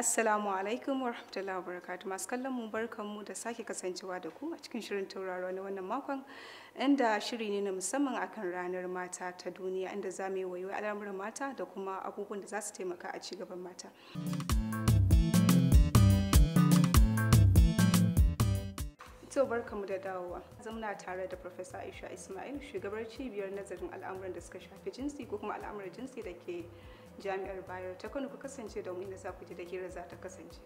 Assalamu alaikum wa rahmatullahi wa barakatuh masu kallon mu barkan mu da sake kasancewa da ku a cikin shirin tauraro na wannan makon inda shiri ne na musamman akan ranar mata ta duniya inda za mu yi wayo al'amuran mata da kuma abubuwan da za su taimaka a ci gaban mata. To barka mu da dawowa. muna tare da Profesa Aisha Ismail, shugabar cibiyar nazarin al'amuran da suka shafi jinsi ko kuma al'amuran jinsi da ke jami'ar bayar ta kano ku kasance da mu inda za ku ji da kira za ta kasance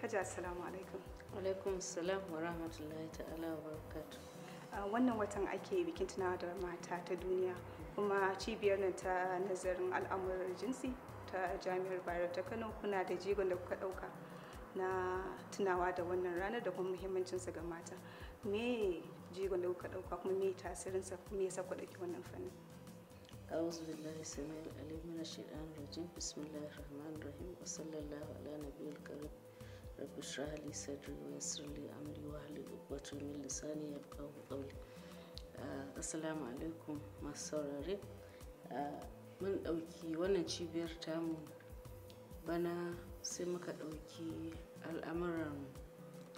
hajji assalamu alaikum alaikum salam wa rahmatullahi ta'ala wa barakatu wannan watan ake bikin tunawa da mata ta duniya kuma cibiyar nan ta nazarin al'amuran jinsi ta jami'ar bayar ta kano kuna da jigon da kuka dauka na tunawa da wannan ranar da kuma muhimmancinsa ga mata me jigon da kuka dauka kuma me tasirinsa me yasa ku wannan fannin أعوذ بالله السميع العليم من الشيطان الرجيم بسم الله الرحمن الرحيم وصلى الله على نبي الكريم رب اشرح لي صدري ويسر لي أمري واحلل عقدة من لساني يفقهوا قولي Assalamu alaikum masu saurare mun ɗauki wannan cibiyar tamu bana sai muka ɗauki al'amuran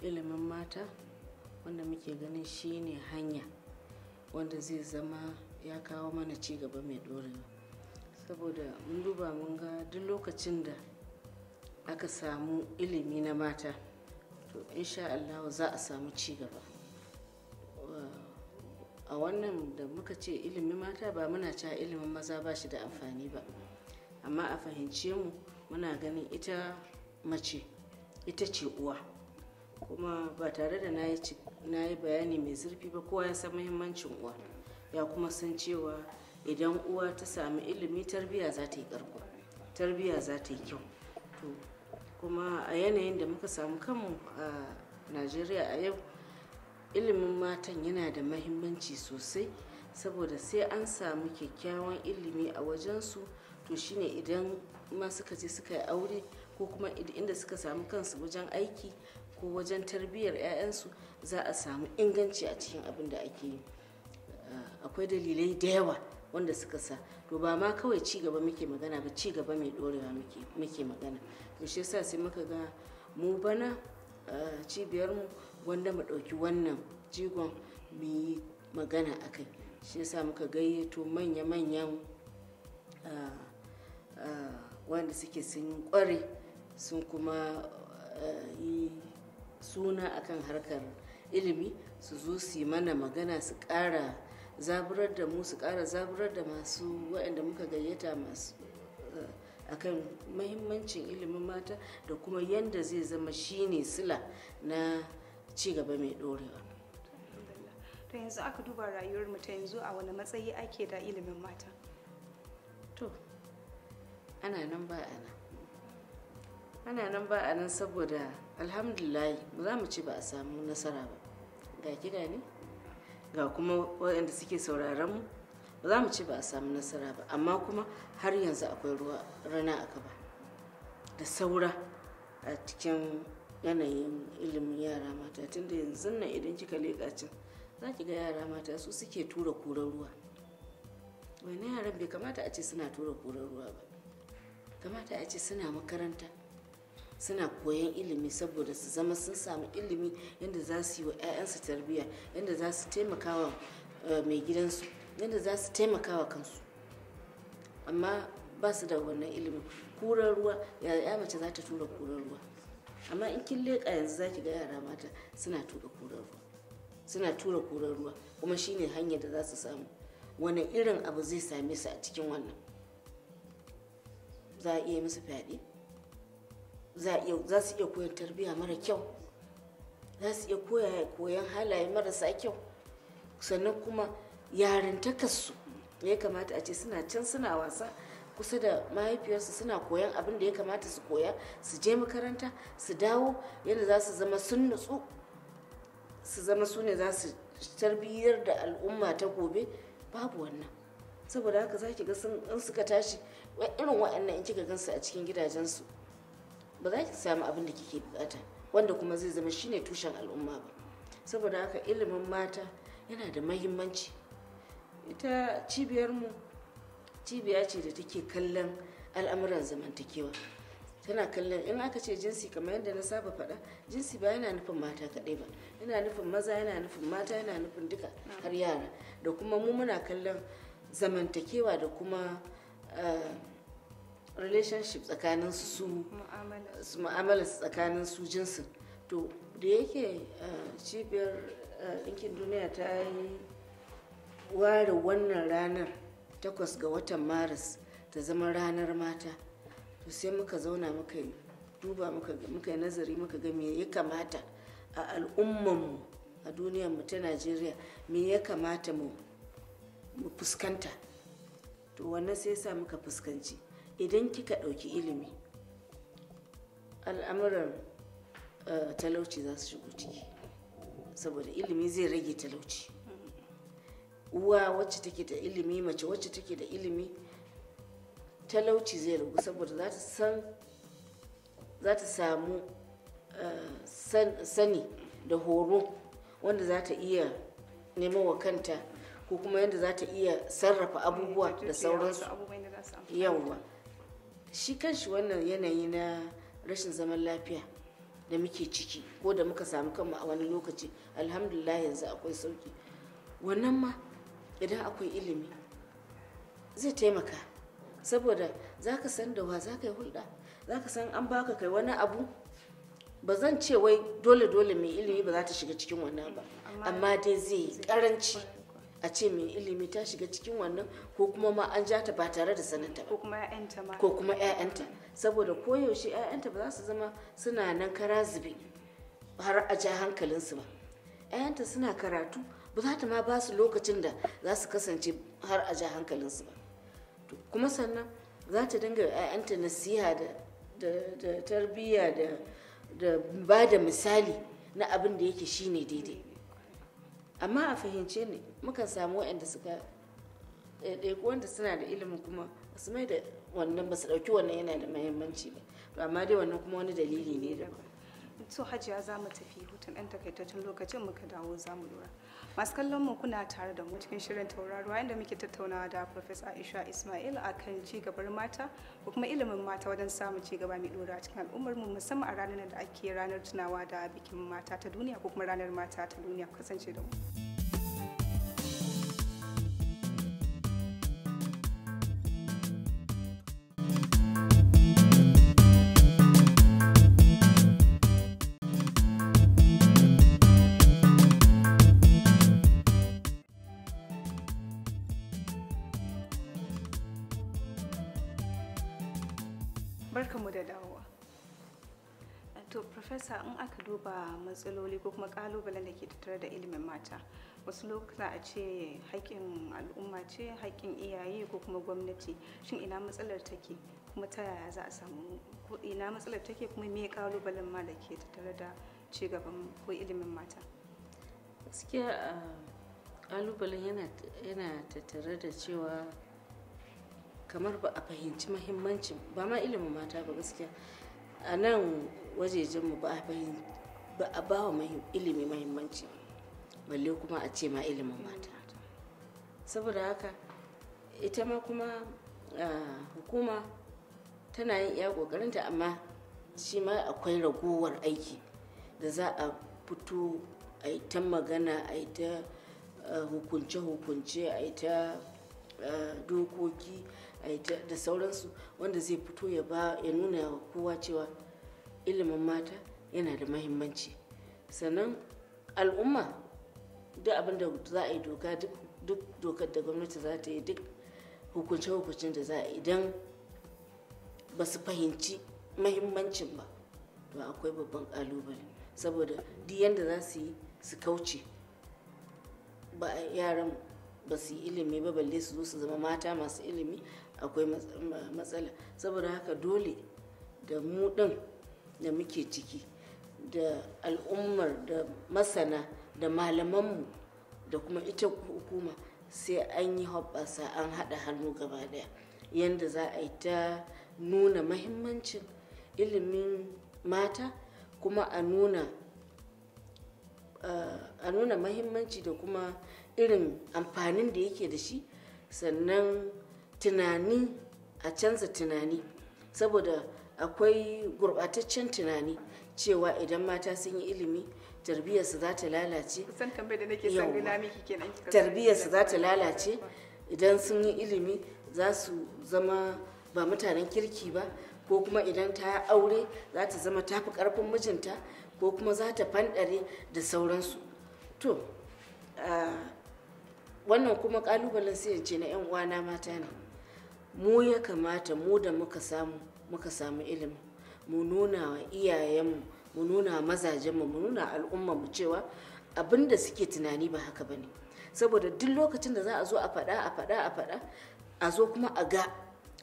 ilimin وانا wanda غني ganin shine hanya wanda zai zama ya kawo mana ci gaba mai ɗorewa saboda mun duba mun ga duk lokacin da aka samu ilimi na mata to insha Allah za a samu ci gaba a wannan da muka ce ilimin mata ba muna cewa ilimin maza ba shi da amfani ba amma a fahimce mu muna ganin ita mace ita ce uwa kuma ba tare da na yi bayani mai zurfi ba kowa ya san muhimmancin uwa ya kuma san cewa idan uwa ta sami ilimi tarbiya za ta yi ƙarko tarbiya za ta yi kyau to kuma a yanayin da muka samu kanmu a najeriya a yau ilimin matan yana da mahimmanci sosai saboda sai an samu kyakkyawan ilimi a wajensu to shine idan ma suka je suka yi aure ko kuma inda suka samu kansu wajen aiki ko wajen tarbiyyar 'ya'yansu za a samu inganci a cikin abin da ake yi akwai dalilai da yawa wanda suka sa to ba ma kawai ci gaba muke magana ba ci gaba mai dorewa muke magana to shi yasa sai muka ga mu bana eh, cibiyar mu wanda mu ɗauki wannan jigon mu yi magana a shi yasa muka gayyato manya-manyan eh, eh, wanda suke sun kware sun kuma yi suna akan harkar ilimi su zo su yi mana magana su ƙara zaburar da mu su kara zaburar da masu waɗanda muka gayyata masu eh, akan mahimmancin ilimin mata da kuma yadda zai zama shine sila na cigaba mai ɗorewa. to yanzu aka duba rayuwar mu ta yanzu a wani matsayi ake da ilimin mata to ana nan ba ana ana nan ba a nan saboda alhamdulillah za mu ci ba a samu nasara ba ga gida ne ga kuma waɗanda suke sauraron mu ba za mu ci ba a samu nasara ba amma kuma har yanzu akwai ruwa rana a gaba da saura a cikin yanayin ilimin yara mata tunda yanzu nan idan kika leƙa cin za ki ga yara mata su suke tura kuran ruwa wani yaran bai kamata a ce suna tura kuran ruwa ba kamata a ce suna makaranta suna koyan ilimi saboda su zama sun samu ilimi yadda za su yi wa 'ya'yansu tarbiyya yadda za su taimaka wa eh, mai gidansu yadda za su taimaka wa kansu amma ba su da wannan ilimi kurar ruwa ya mace za ta tura kurar ruwa amma in kin leƙa yanzu za ki ga yara mata suna tura kurar ruwa suna tura kurar ruwa kuma shine hanyar da za su samu wani irin abu zai same su a cikin wannan za a iya musu fyaɗe za su iya koyan tarbiyya mara kyau za su iya koyan halaye marasa kyau sannan kuma yarintakarsu ya kamata a ce suna can suna wasa kusa da mahaifiyarsu suna koyan abin da ya kamata su koya su je makaranta su dawo yadda za su zama sun nutsu su zama su ne za su tarbiyyar da al'umma ta gobe babu wannan saboda haka za ki ga sun suka tashi irin waɗannan in kika gansu a cikin gidajensu ba za ki samu abin da kike bukata wanda kuma zai zama shine tushen al'umma ba saboda haka ilimin mata yana da mahimmanci ita cibiyarmu cibiya ce da take kallon al'amuran zamantakewa tana kallon in aka ce jinsi kamar yadda na saba faɗa jinsi ba yana nufin mata kaɗai ba yana nufin maza yana nufin mata yana nufin duka har yara da kuma mu muna kallon zamantakewa da kuma eh, relationship tsakanin su mu'amala tsakanin su jinsin to da yake eh, cibiyar eh, ɗinkin duniya ta yi ware wannan ranar takwas ga watan maris ta zama ranar mata to sai muka zauna muka yi duba muka yi nazari muka ga me ya kamata a al'ummanmu a duniyarmu ta najeriya me ya kamata mu fuskanta to wannan sai sa muka fuskanci idan kika ɗauki ilimi al'amuran eh, talauci za su shigo ciki saboda ilimi zai rage talauci uwa wacce take da ilimi mace wacce take da ilimi talauci zai ragu saboda za ta samu eh, sani da horo wanda za ta iya neman wa kanta ko kuma yadda za ta iya sarrafa abubuwa da sauransu yawwa shi kanshi wannan yanayi na rashin zaman lafiya da muke ciki ko da muka samu kanmu a wani lokaci alhamdulillah yanzu akwai sauki wannan ma idan akwai ilimi zai taimaka saboda za ka san da wa za ka yi hulɗa za ka san an baka kai wani abu ba zan ce wai dole-dole mai ilimi ba za ta shiga cikin wannan ba amma dai zai yi karanci a ce mai ilimi ta shiga cikin wannan ko kuma ma an ja ta ba tare da sanata ko ko kuma 'ya'yanta saboda koyaushe 'ya'yanta ba za su zama suna nan kara zube har a ja hankalinsu ba 'ya'yanta suna karatu ba za ta ma ba su lokacin da za su kasance har a ja hankalinsu ba kuma sannan za ta dinga 'ya'yanta nasiha da da tarbiyya da ba da misali na abin da yake shine daidai amma a fahimce ne mukan samu waɗanda suka eh, ko wanda suna da ilimin kuma su mai da wannan ba su ɗauki wannan yana da mahimmanci ba amma dai wannan kuma wani dalili ne daban to hajiya za mu tafi hutun ɗan takaitaccen lokacin muka dawo za mu lura masu kallon mu kuna tare da mu cikin shirin tauraruwa inda muke tattaunawa da Professor Aisha Ismail akan ci gabar mata ko kuma ilimin mata wajen samun ci gaba mai dora cikin al'ummar mu musamman a ranar da ake ranar tunawa da bikin mata ta duniya ko kuma ranar mata ta duniya kasance da mu. duba matsaloli ko kuma kalubalen da ke tattare da ilimin mata wasu lokuta a ce haƙƙin al'umma ce haƙƙin iyaye ko kuma gwamnati shin ina matsalar take kuma ta yaya za a samu ko ina matsalar take kuma me kalubalen ma da ke tattare da ci gaban ko ilimin mata gaskiya kalubalen ah, yana tattare da cewa kamar ba a fahimci mahimmancin ba ma ilimin mata ba gaskiya a nan wajejenmu ba a fahimci ba a ba wa ilimi mahimmanci balle kuma a ce ma ilimin mata saboda haka ita ma kuma hukuma tana yin iya ƙoƙarinta amma shi ma akwai ragowar aiki da za a fito a yi ta magana a yi ta hukunce-hukunce a yi ta dokoki da sauransu wanda zai fito ya nuna kowa cewa ilimin mata yana da mahimmanci sannan al'umma duk abin da za a yi doka duk dokar da gwamnati za ta yi duk hukunce-hukuncin da za a idan ba su fahimci mahimmancin ba to akwai babban kalubale saboda duk yadda za su yi su kauce ba yaran ba su yi ilimi ba balle su zo su zama mata masu ilimi akwai matsala saboda haka dole da mu ɗin da muke ciki da al'ummar da masana da malamanmu da kuma ita hukuma sai an yi hoɓɓasa an haɗa hannu gaba ɗaya yadda za a yi ta nuna mahimmancin ilimin mata kuma a nuna eh, a nuna mahimmanci da kuma irin amfanin da yake da shi sannan tunani a canza tunani saboda akwai gurɓataccen tunani cewa idan mata sun yi ilimi tarbiyyarsu za ta lalace tarbiyyarsu za ta lalace idan sun yi ilimi za su zama ba mutanen kirki ba ko kuma idan ta aure za ta zama tafi karfin mijinta ko kuma za ta fanɗare da sauransu to wannan kuma kalubalen sai ce na 'yan uwana mata ne mu ya kamata mu da muka samu muka samu ilimi mu nuna wa iyayenmu mu nuna mazajenmu mu nuna al'ummarmu cewa abinda da suke tunani ba haka ba ne saboda duk lokacin da za a zo a faɗa a faɗa a faɗa a zo kuma a ga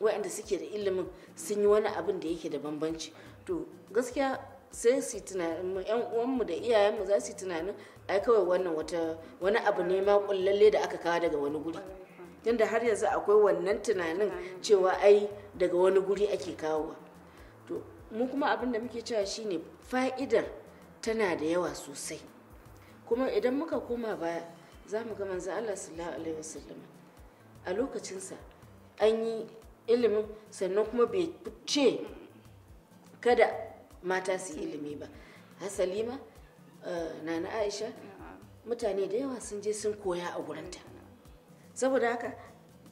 waɗanda suke da ilimin sun yi wani abin da yake da bambanci to gaskiya sai su tunanin yan uwanmu da iyayenmu za su yi tunanin ai kawai wannan wata wani abu ne ma kullalle da aka kawo daga wani guri yadda har yanzu akwai wannan tunanin cewa ai daga wani guri ake kawo to mu kuma abin da muke cewa shine fa'idar tana da yawa sosai kuma idan muka koma baya za mu ga manzo Allah sallallahu alaihi wasallam a lokacinsa an yi ilimin sannan kuma bai ce kada mata su yi ilimi ba hasalima ma eh, nana aisha mutane da yawa sun je sun koya a gurinta saboda haka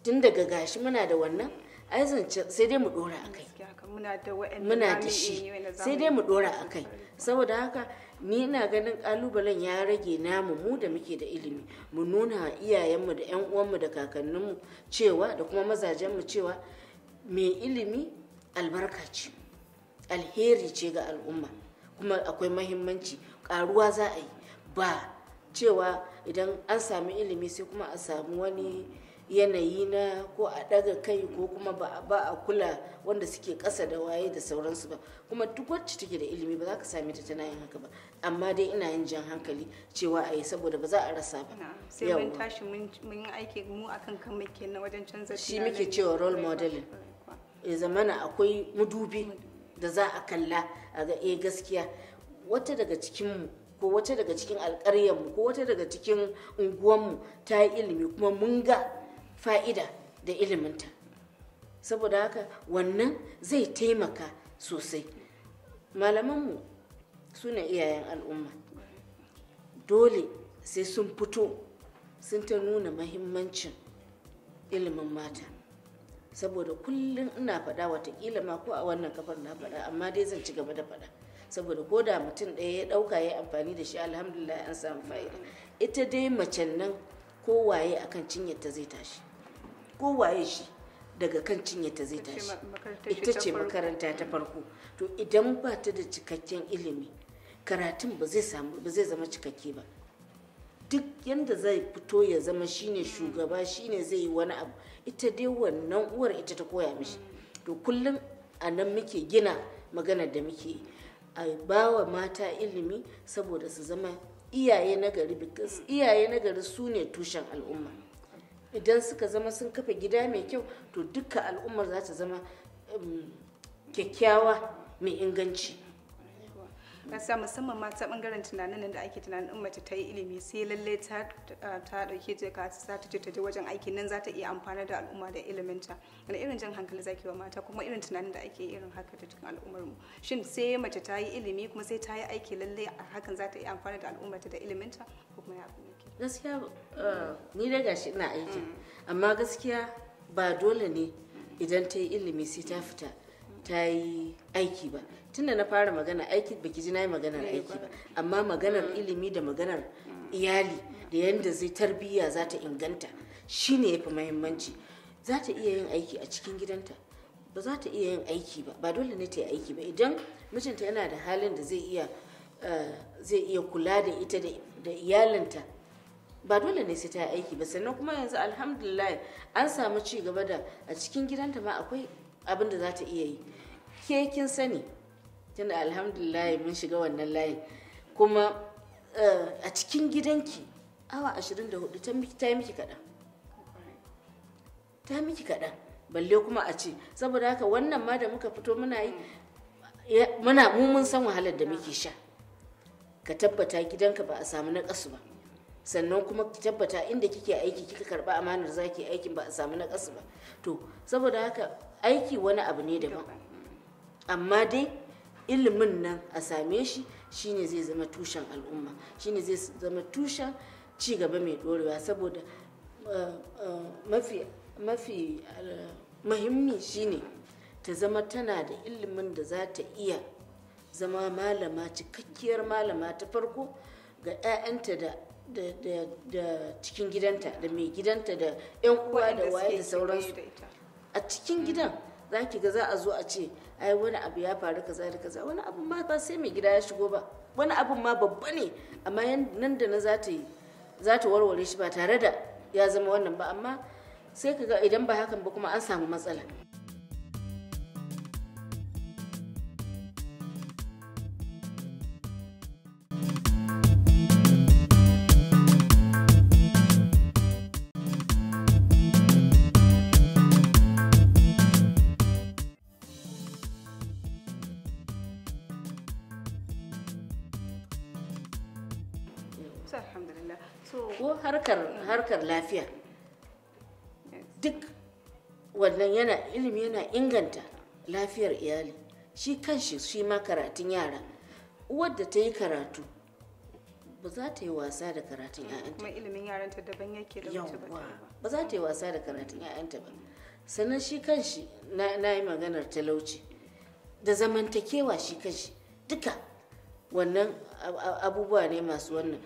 tun daga gashi muna da wannan ai zance sai dai mu dora a muna da shi sai dai mu dora akai saboda haka ni ina ganin kalubalen ya rage namu mu da muke da ilimi mu nuna iyayenmu da yan uwanmu da kakanninmu cewa da kuma mazajenmu cewa mai ilimi albarka ce alheri ce ga al'umma kuma akwai mahimmanci karuwa za a yi ba cewa idan an sami ilimi sai kuma a samu wani yanayi na ko a daga kai ko kuma ba a kula wanda suke kasa da waye da sauransu ba kuma duk wacce take da ilimi ba za ka same ta tana yin haka ba amma dai ina yin jan hankali cewa a yi saboda ba za a rasa ba sai mun tashi mun aiki mu akan kan muke na wajen canza cewa role modeling zamana akwai mudubi da za a kalla a ga eh, gaskiya wata daga cikinmu ko wata daga cikin mu ko wata daga cikin unguwanmu ta yi ilimi kuma mun ga fa'ida da iliminta saboda haka wannan zai taimaka sosai malamanmu su ne iyayen al'umma dole sai sun fito sun ta nuna mahimmancin ilimin mata saboda kullum ina faɗa watakila ma ko a wannan kafar na faɗa amma dai zan ci gaba da faɗa saboda ko da mutum ɗaya ya ɗauka ya amfani da shi alhamdulillah an samu fa'ida ita dai mace nan ko waye akan cinye ta zai tashi ko waye shi daga kan cinye ta zai tashi ita ce makaranta ta mm. farko to idan ba ta da cikakken ilimi karatun ba zai zama cikakke ba duk yadda zai fito ya zama shine mm. shugaba shine zai yi wani abu ita dai wannan uwar ita ta koya mishi mm. to kullum a nan muke gina magana da muke a ba wa mata ilimi saboda su zama iyaye na gari iyaye na gari su ne tushen al'umma idan suka zama sun kafa gida mai kyau to duka al'ummar za ta zama um, kyakkyawa mai inganci kasa musamman ma ta bangaren tunanin nan da ake tunanin in mace ta yi ilimi sai lalle ta ta dauke jaka ta ta je ta je wajen aiki nan za ta iya amfana da al'umma da iliminta da irin jan hankali zaki wa mata kuma irin tunanin da ake irin haka ta cikin al'ummar mu shin sai mace ta yi ilimi kuma sai ta yi aiki lalle a hakan za ta iya amfana da ta da iliminta ko kuma ya abin yake gaskiya eh, ni da gashi ina aiki mm. amma gaskiya ba dole ne idan ta yi ilimi sai ta fita ta yi aiki ba tunda na fara magana aiki baki ji na yi maganar eh, aiki ba amma maganar mm. ilimi da maganar mm. iyali da mm. yadda zai tarbiyya za ta inganta shine ya fi mahimmanci za ta iya yin aiki a cikin gidanta ba za ta iya yin aiki ba ba dole ne ta yi aiki ba idan mijinta yana da halin da zai iya eh, zai iya kula da ita da iyalinta ba dole ne sai ta yi aiki ba sannan kuma yanzu alhamdulillah an samu ci gaba da a cikin gidanta ma akwai abinda da za ta iya yi ke kin sani tunda alhamdulillah mun shiga wannan layin kuma eh, a cikin gidanki awa 24 ta miki ta yi miki kaɗan ta miki kaɗan balle kuma a ce saboda haka wannan ma da muka fito muna yi muna mun san wahalar da muke sha ka tabbata gidanka ba a samu na ba sannan kuma ki tabbata inda kike aiki kika karba amanar zaki aikin ba a samu na ba to saboda haka aiki wani abu ne daban amma dai ilimin nan a same shi shine zai zama tushen al'umma shine zai zama tushen ci gaba mai dorewa saboda eh, eh, mafi mafi eh, muhimmi shine ta zama tana da ilimin da za ta iya zama malama cikakkiyar malama ta farko ga 'ya'yanta da da cikin gidanta da mai gidanta da 'yan uwa da waye da sauransu a cikin gidan za ki ga za a zo a ce ai wani abu ya faru kaza da kaza wani abu ma ba sai mai gida ya shigo ba wani abu ma babba ne amma nan da na za yi za ta warware shi ba tare da ya zama wannan ba amma sai ka ga idan ba hakan ba kuma an samu matsala. lafiya duk wannan yana ilimi yana inganta lafiyar iyali shi kanshi shi ma karatun yara uwar da ta yi karatu ba za ta yi wasa da karatun 'ya'yanta kuma ilimin yaranta daban yake da ba ba za ta yi wasa da karatun 'ya'yanta ba sannan shi kanshi na yi maganar talauci da zamantakewa shi kanshi duka wannan abubuwa ne masu wannan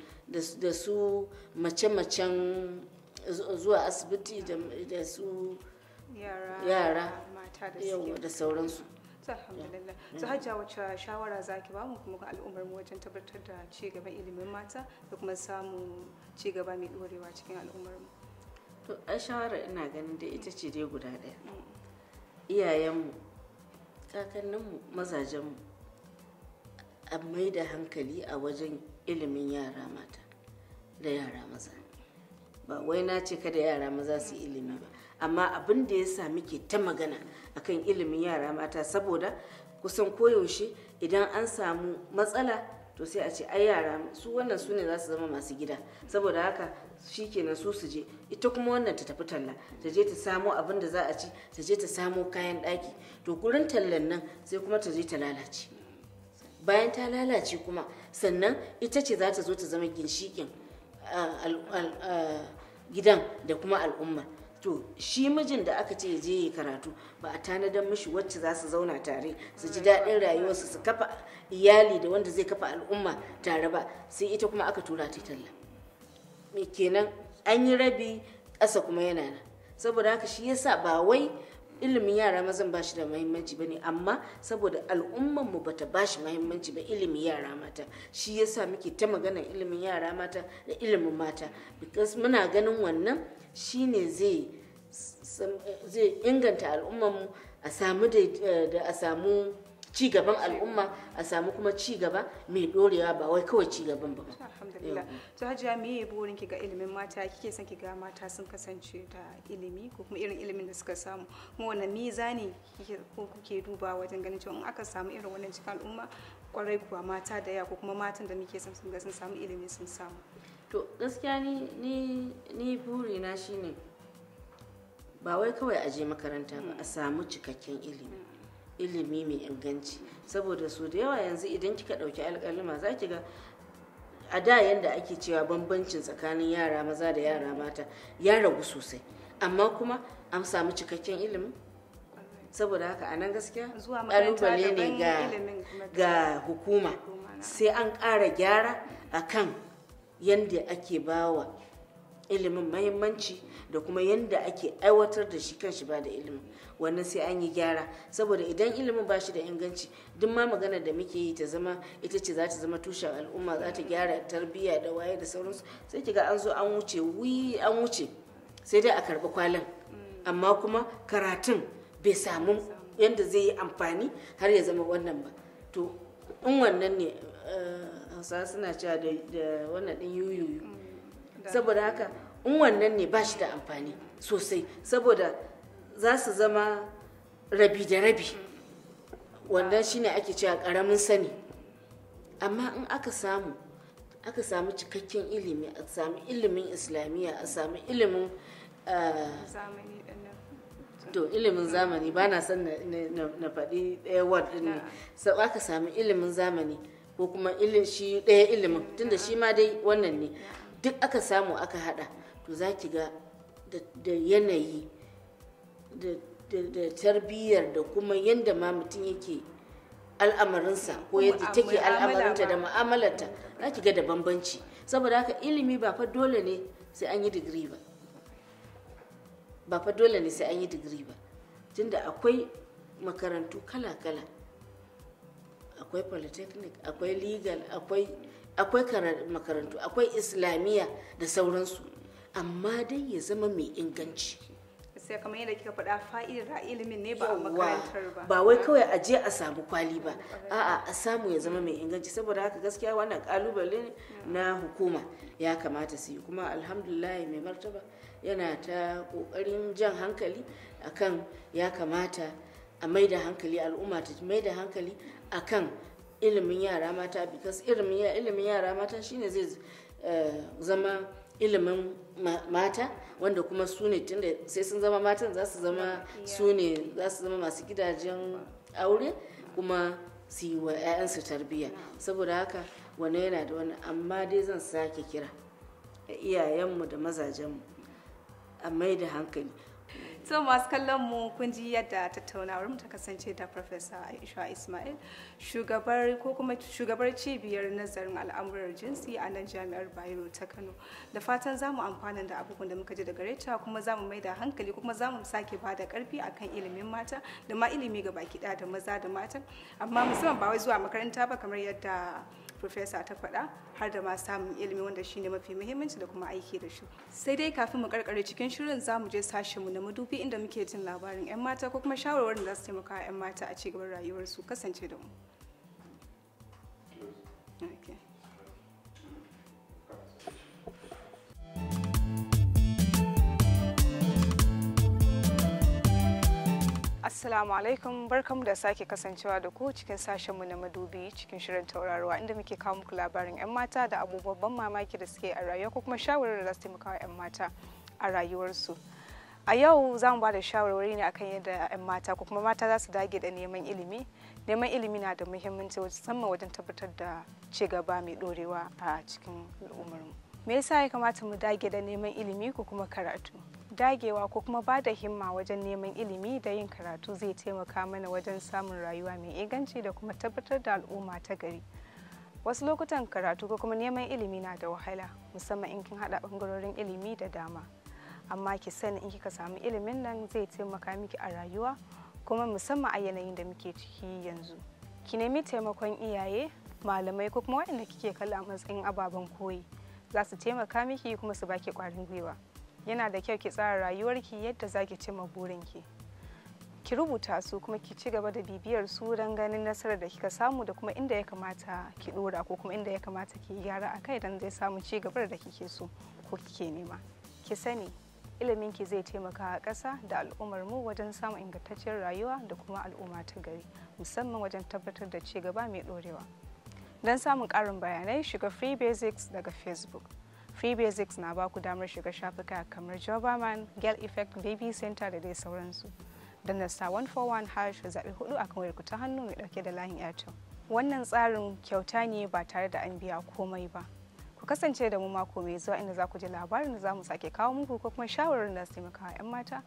da su mace-macen zuwa asibiti da su yara yawa da sauransu alhamdulillah su mm. hajja wacce shawara za ki bamu kuma ga al'ummar mu wajen tabbatar da ci gaban ilimin mata da kuma samun ci gaba mai dorewa cikin al'ummar mu to a shawara ina ganin da ita ce dai guda ɗaya mm. iyayenmu mazajen mu a mai da hankali a wajen ilimin yara mata da yara maza ba wai na ce kada yara maza su ilimi ba amma abin da ya sami ke ta magana akan ilimin yara mata saboda kusan koyaushe idan an samu matsala to sai a ce ai yara su wannan su ne za su zama masu gida saboda haka shi na su su je ita kuma wannan ta tafi talla ta je ta samo abin da za a ci ta je ta samo kayan ɗaki to gurin tallan nan sai kuma ta je ta lalace bayan ta lalace kuma sannan ita ce za ta zo ta zama ginshikin gidan da kuma al'umma to shi mijin da aka ce je yi karatu ba a tanadar mishi wacce za su zauna tare su ji daɗin rayuwarsu su kafa iyali da wanda zai kafa al'umma tare ba sai ita kuma aka tura ta talla kenan an yi rabi ƙasa kuma yana nan saboda haka shi yasa ba wai ilimin yara mazan ba shi da mahimmanci ba ne amma saboda al'ummar mu bata ba shi mahimmanci ba ilimin yara mata shi yasa muke ta magana ilimin yara mata da ilimin mata because muna ganin wannan shine zai zai inganta mu a samu eh, da a samu ci gaban al'umma a samu kuma ci gaba mai dorewa ba wai kawai ci gaban ba to hajiya me burin ki ga ilimin mata kike son ki ga mata sun kasance da ilimi ko kuma irin ilimin da suka samu kuma wannan mizani kike ko kuke duba wajen ganin cewa in aka samu irin wannan cikin al'umma kwarai kuwa mata da yawa ko kuma matan da muke son sun ga samu ilimi sun samu to gaskiya ni ni ni burina shine ba wai kawai a je makaranta ba a samu cikakken ilimi ilimi mai inganci saboda su da yawa yanzu idan kika ɗauki alƙalima za ki ga a da yadda ake cewa bambancin tsakanin yara maza da yara mata ya ragu sosai amma kuma an samu cikakken ilimi saboda haka a nan gaskiya ƙalubale ne ga hukuma sai an ƙara gyara akan yadda ake bawa ilimin mahimmanci da kuma yadda ake aiwatar da shi kanshi ba da ilimin wannan sai an yi gyara saboda idan ilimin ba shi da inganci duk ma magana da muke yi ta zama ita ce za ta zama tushen al'umma za ta gyara tarbiyya da waye da sauransu sai kiga an zo an wuce wi an wuce sai dai a karbi kwalin amma kuma karatun bai samu yadda zai yi amfani har ya zama wannan ba to in wannan ne eh, hausa suna cewa da wannan din yuyuyu saboda haka in wannan ne ba shi da amfani sosai saboda za su zama rabi da rabi wannan shine ake cewa karamin sani amma in aka samu aka samu cikakken ilimi a samu ilimin islamiyya a samu ilimin eh, to ilimin zamani ba na son na faɗi ɗaya word ɗin ne sau aka samu ilimin zamani ko kuma shi ɗaya ilimin tunda shi ma dai wannan ne duk aka samu aka hada to za ki ga da yanayi da tarbiyyar da kuma yadda ma mutum yake al'amarinsa ko yadda take al'amarinta da mu'amalarta za ki ga da bambanci saboda haka ilimi ba fa dole ne sai an yi digiri ba ba fa dole ne sai an yi digiri ba tunda akwai makarantu kala-kala akwai polytechnic akwai legal akwai akwai makarantu akwai islamiyya da sauransu amma dai ya zama mai inganci sai kamar yadda kika faɗa fa'idar ilimin ne ba a makarantar ba ba wai kawai a je a samu kwali ba a'a a samu ya zama mai inganci saboda haka gaskiya wannan kalubale na hukuma ya kamata su yi kuma alhamdulillah mai martaba yana ta kokarin jan hankali akan ya kamata a maida hankali al'umma ta maida hankali akan ilimin yara mata because ilimin yara mata shine zai eh, zama ilimin mata wanda kuma su ne tunda sai sun zama matan za su zama su za su zama masu gidajen aure kuma su yi wa 'ya'yansu tarbiyya saboda haka wani yana da wani amma dai zan sake kira iyayenmu da mazajenmu a mai da hankali to masu kallon mu kun ji yadda tattaunawar mu ta kasance da Professor Aisha Ismail shugabar ko kuma shugabar cibiyar nazarin al'amuran jinsi a nan Jami'ar Bayero ta Kano da fatan zamu amfana da abubuwan da muka ji daga reta kuma zamu mai da hankali kuma zamu sake ba da karfi akan ilimin mata da ma ilimi ga baki da maza da mata amma musamman ba wai zuwa makaranta ba kamar yadda professor ta faɗa har da ma samun ilimi wanda shine mafi muhimmanci da kuma aiki da shi sai dai kafin mu karkare cikin shirin za mu je sashen mu na madubi inda muke jin labarin yan mata ko kuma shawarwarin da za su taimaka yan mata a cigaban rayuwarsu kasance da mu okay. Assalamu alaikum barkamu da sake kasancewa da ku cikin sashenmu na madubi cikin shirin taurarwa inda muke kawo muku labarin 'yan mata da abubuwan ban mamaki da suke a rayuwa ko kuma shawarar da za su taimaka 'yan mata a rayuwarsu. A yau za mu ba da shawarwari ne akan yadda 'yan mata ko kuma mata za su dage da neman ilimi. Neman ilimi na da muhimmanci musamman wajen tabbatar da ci gaba mai dorewa a cikin al'ummarmu. Me yasa ya kamata mu dage da neman ilimi ko kuma karatu? dagewa ko kuma ba da himma wajen neman ilimi da yin karatu zai taimaka mana wajen samun rayuwa mai inganci da kuma tabbatar da al'umma ta gari wasu lokutan karatu ko kuma neman ilimi na da wahala musamman in kin haɗa ɓangarorin ilimi da dama amma ki sani in kika samu ilimin nan zai taimaka miki a rayuwa kuma musamman a yanayin da muke ciki yanzu ki nemi taimakon iyaye malamai ko kuma waɗanda kike kalla matsayin ababen koyi za su taimaka miki kuma su baki ƙwarin gwiwa yana da kyau ki tsara rayuwarki yadda za ki cimma burinki ki rubuta su kuma ki ci gaba da bibiyar su don ganin nasarar da kika samu da kuma inda ya kamata ki dora ko kuma inda ya kamata ki gyara a kai don zai samu ci gaba da kike so ko kike nema ki sani ilimin ki zai taimaka a ƙasa da al'ummar mu wajen samun ingantacciyar rayuwa da kuma al'umma ta gari musamman wajen tabbatar da ci gaba mai ɗorewa. don samun ƙarin bayanai shiga free basics daga facebook free basics na baku damar shiga shafuka kamar jobaman girl effect baby center da dai sauransu don na star 141 hash zaɓi hudu akan wayarku ta hannu mai ɗauke da layin airtel wannan tsarin kyauta ne ba tare da an biya komai ba ku kasance da mu mako mai zuwa inda za ku ji labarin da za mu sake kawo muku ko kuma shawarar da su taimaka 'yan mata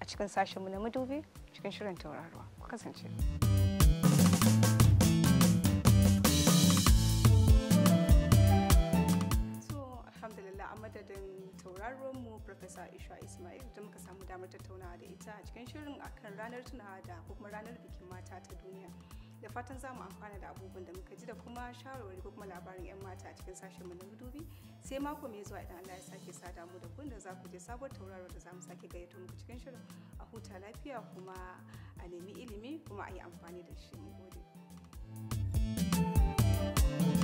a cikin sashenmu na madubi cikin shirin taurarwa ku kasance. madadin mu Professor Isha Ismail da muka samu damar tattaunawa da ita a cikin shirin akan ranar tunawa da ko kuma ranar bikin mata ta duniya. Da fatan za mu amfana da abubuwan da muka ji da kuma shawarwari ko kuma labarin 'yan mata a cikin sashenmu na dubi sai mako mai zuwa idan Allah ya sake sada mu da kun da za ku je sabuwar tauraro da za mu sake gayyato muku cikin shirin a huta lafiya kuma a nemi ilimi kuma a yi amfani da shi mu gode. thank you